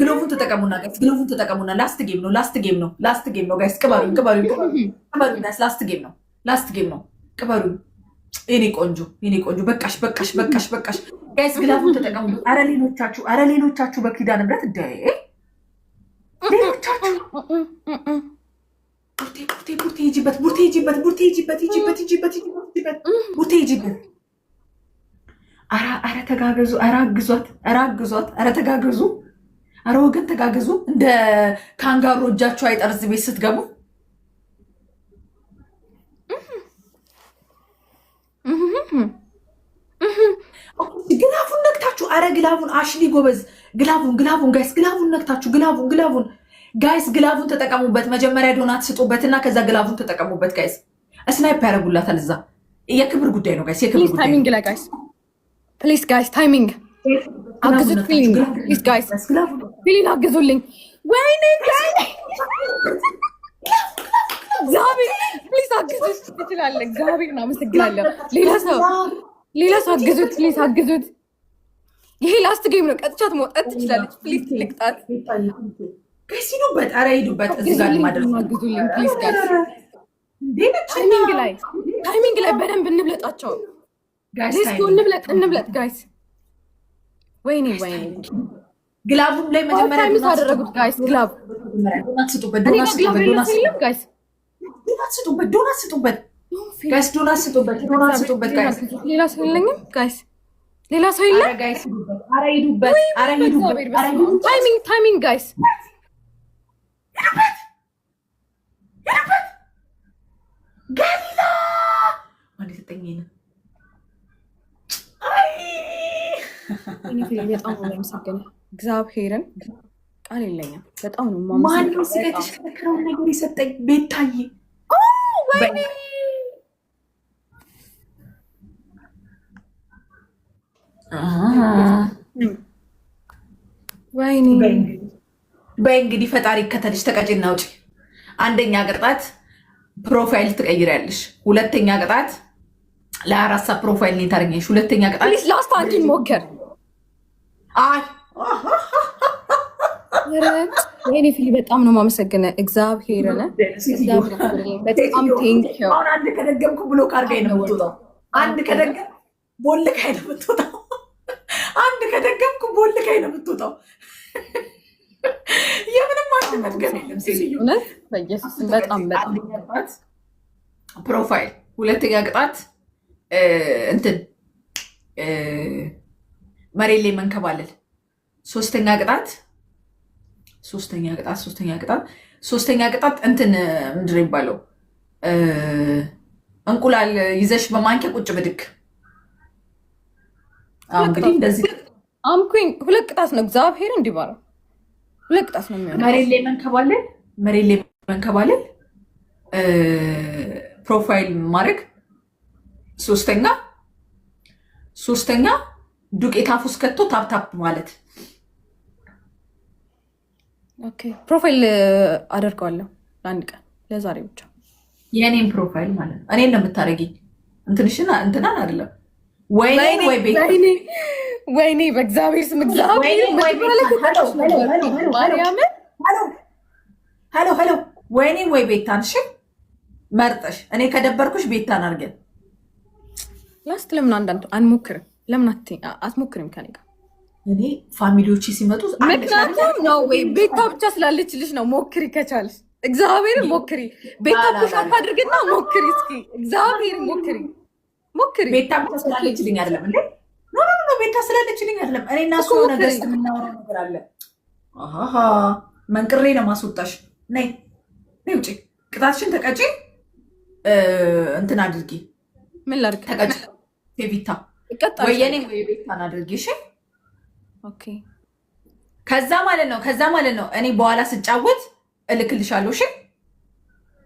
ግሎቡን ተጠቀሙና ጋይስ፣ ግሎቡን ተጠቀሙና። ላስት ጌም ነው፣ ላስት ጌም ነው፣ ላስት ጌም ነው ጋይስ። ቅበሩኝ፣ ቅበሩኝ፣ ቅበሩኝ ጋይስ። ላስት ጌም ነው፣ ላስት ጌም ነው ጋይስ ቅበሩ ቅበሩ ቅበሩ ጋይስ ላስት ጌም ነው ላስት ጌም ነው ቅበሩ የኔ ቆንጆ፣ የኔ ቆንጆ። በቃሽ፣ በቃሽ፣ በቃሽ፣ በቃሽ ጋይስ። ግላቡን ተጠቀሙ። አረ ሌሎቻችሁ፣ አረ ሌሎቻችሁ በኪዳ ንብረት እንደ ሌሎቻችሁ ቡርቴ፣ ቡርቴ፣ ቡርቴ ይጂበት፣ ቡርቴ ይጂበት፣ ቡርቴ ቡርቴ ቡርቴ አረ ተጋገዙ አግዟት አግዟት ተጋገዙ አረ ወገን ተጋገዙ። እንደ ካንጋሮ እጃቸው አይጠርዝ ቤት ስትገቡ ግላቡን ነግታችሁ፣ አረ ግላቡን አሽሊ ጎበዝ፣ ግላቡን ግላቡን ጋይስ፣ ግላቡን ነግታችሁ፣ ግላቡን ግላቡን ጋይስ፣ ግላቡን ተጠቀሙበት። መጀመሪያ ዶናት ስጡበት እና ከዛ ግላቡን ተጠቀሙበት ጋይስ። እስናይፕ ያደረጉላታል እዛ። የክብር ጉዳይ ነው ጋይስ፣ የክብር ጉዳይ። ታይሚንግ ላይ ጋይስ፣ ፕሊስ ጋይስ፣ ታይሚንግ አግዙት ጋይስ ፊሊን አግዙልኝ። ወይኔ ጋቢ ፕሊዝ አግዙት ትችላለን። ጋቢ እናመሰግናለን። ሌላ ሰው ሌላ ሰው አግዙት ፕሊዝ አግዙት። ይሄ ላስት ጌም ነው። ቀጥቻት መውጣት ትችላለች። ፕሊዝ ልቅጣት። ከሲኖ በጣራ ሄዱበት እዚህ ጋር ለማድረግ ፕሊዝ ጋይስ። ታይሚንግ ላይ ታይሚንግ ላይ በደንብ እንብለጣቸው ጋይስ። እንብለጥ እንብለጥ ጋይስ ወይኔ ወይኔ ግላቡም ላይ መጀመሪያ አደረጉት። ጋይስ ግላቡ ዶናት ስጡበት፣ ዶናት ስጡበት፣ ዶናት ስጡበት፣ ዶናት ስጡበት፣ ጋይስ ዶናት ስጡበት፣ ዶናት ስጡበት። ጋይስ ሌላ ሰው የለኝም። ጋይስ ሌላ ሰው የለም። ታይሚንግ ታይሚንግ ጋይስ ገሊላ ማለት ዘጠኝ ነው በጣም ነው የሚያመሰግነው እግዚአብሔርን ቃል የለኝም። በጣም ነው ማንም ስጋ የተሽከረከረውን ነገር የሰጠኝ ቤታይ ወይኔ በይ እንግዲህ ፈጣሪ ከተልሽ ተቀጭና ውጪ። አንደኛ ቅጣት ፕሮፋይል ትቀይሪያለሽ። ሁለተኛ ቅጣት ለአራሳ ፕሮፋይል ነው ሁለተኛ ቅጣት ላስታንኪ ሞከር አይ ይሄኔ ፊሊ በጣም ነው ማመሰግነ እግዚአብሔር ነ በጣም ቴንኪው። አንድ ከደገምኩ ብሎ ካርጋይ ነው አንድ ከደገም ቦልካይ ነው የምትወጣው። አንድ ከደገምኩ ቦልካይ ነው የምትወጣው። የምንም አንድ መድገም የለም። በኢየሱስ በጣም በጣም ፕሮፋይል ሁለተኛ ቅጣት እንትን መሬት ላይ መንከባለል። ሶስተኛ ቅጣት ሶስተኛ ቅጣት ሶስተኛ ቅጣት ሶስተኛ ቅጣት እንትን ምንድን የሚባለው እንቁላል ይዘሽ በማንኪያ ቁጭ ብድግ። እንግዲህ እንደዚህ አምኩኝ። ሁለት ቅጣት ነው እግዚአብሔር እንዲባለ ሁለት ቅጣት ነው የሚሆነው። መሬት ላይ መንከባለል፣ መሬት ላይ መንከባለል፣ ፕሮፋይል ማድረግ ሶስተኛ ሶስተኛ ዱቄት አፉስ ከቶ ታፕታፕ ማለት ፕሮፋይል አደርገዋለሁ ለአንድ ቀን ለዛሬ ብቻ የእኔም ፕሮፋይል ማለት ነው። እኔ ነው የምታደርጊኝ። እንትንሽን እንትናን አይደለም። ወይኔ በእግዚአብሔር ስም ሄሎ ሄሎ፣ ወይኔ ወይ ቤታን መርጠሽ እኔ ከደበርኩሽ ቤታን አድርገን ላስት ለምን አንዳንድ አንሞክርም? ለምን አትሞክሪም ከኔ ጋር? እኔ ፋሚሊዎች ሲመጡ ምክንያቱም ነው ወይ ቤታ ብቻ ስላለችልሽ ነው። ሞክሪ ከቻልሽ እግዚአብሔርን ሞክሪ። ቤታ ብቻ ታድርግና ሞክሪ እስኪ እግዚአብሔርን ሞክሪ፣ ሞክሪ። ቤታ ብቻ ስላለችልኝ አይደለም እንዴ? ኖ ኖ ኖ፣ ቤታ ስላለችልኝ አይደለም። እኔ እና እሱ ነገር የምናወራው ነገር አለ። አሃ መንቅሬ ለማስወጣሽ ነይ፣ ነይ ውጪ፣ ቅጣትሽን ተቀጪ፣ እንትን አድርጊ። ምን ላድርግ? ተቀጭ ቤታ ወየኔ ቤታን አድርጊ። ኦኬ። ከዛ ማለት ነው ከዛ ማለት ነው እኔ በኋላ ስጫወት እልክልሻለሁ። እሺ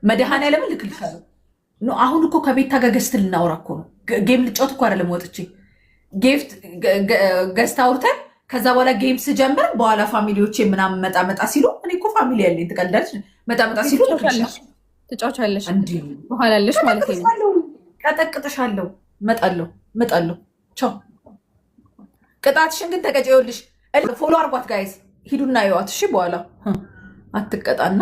መድኃኒዓለም እልክልሻለሁ። ኖ አሁን እኮ ከቤታ ጋር ገዝት ልናውራ እኮ ነው። ጌም ልጫወት እኮ አይደለም ወጥቼ ጌፍት ገዝታ አውርተን ከዛ በኋላ ጌም ስጀምር በኋላ ፋሚሊዎቼ ምናምን መጣ መጣ ሲሉ እኔ እኮ ፋሚሊ ያለኝ ትቀልዳለች። መጣ መጣ ሲሉ ትጫወቻለሽ፣ በኋላ አለሽ ማለት ነው። ቀጠቅጥሻለሁ። መጣለሁ መጣለሁ ቻው። ቅጣትሽን ግን ተቀጭ። ይኸውልሽ ፎሎ አርጓት ጋይዝ፣ ሂዱና ይዋት። እሺ በኋላ አትቀጣና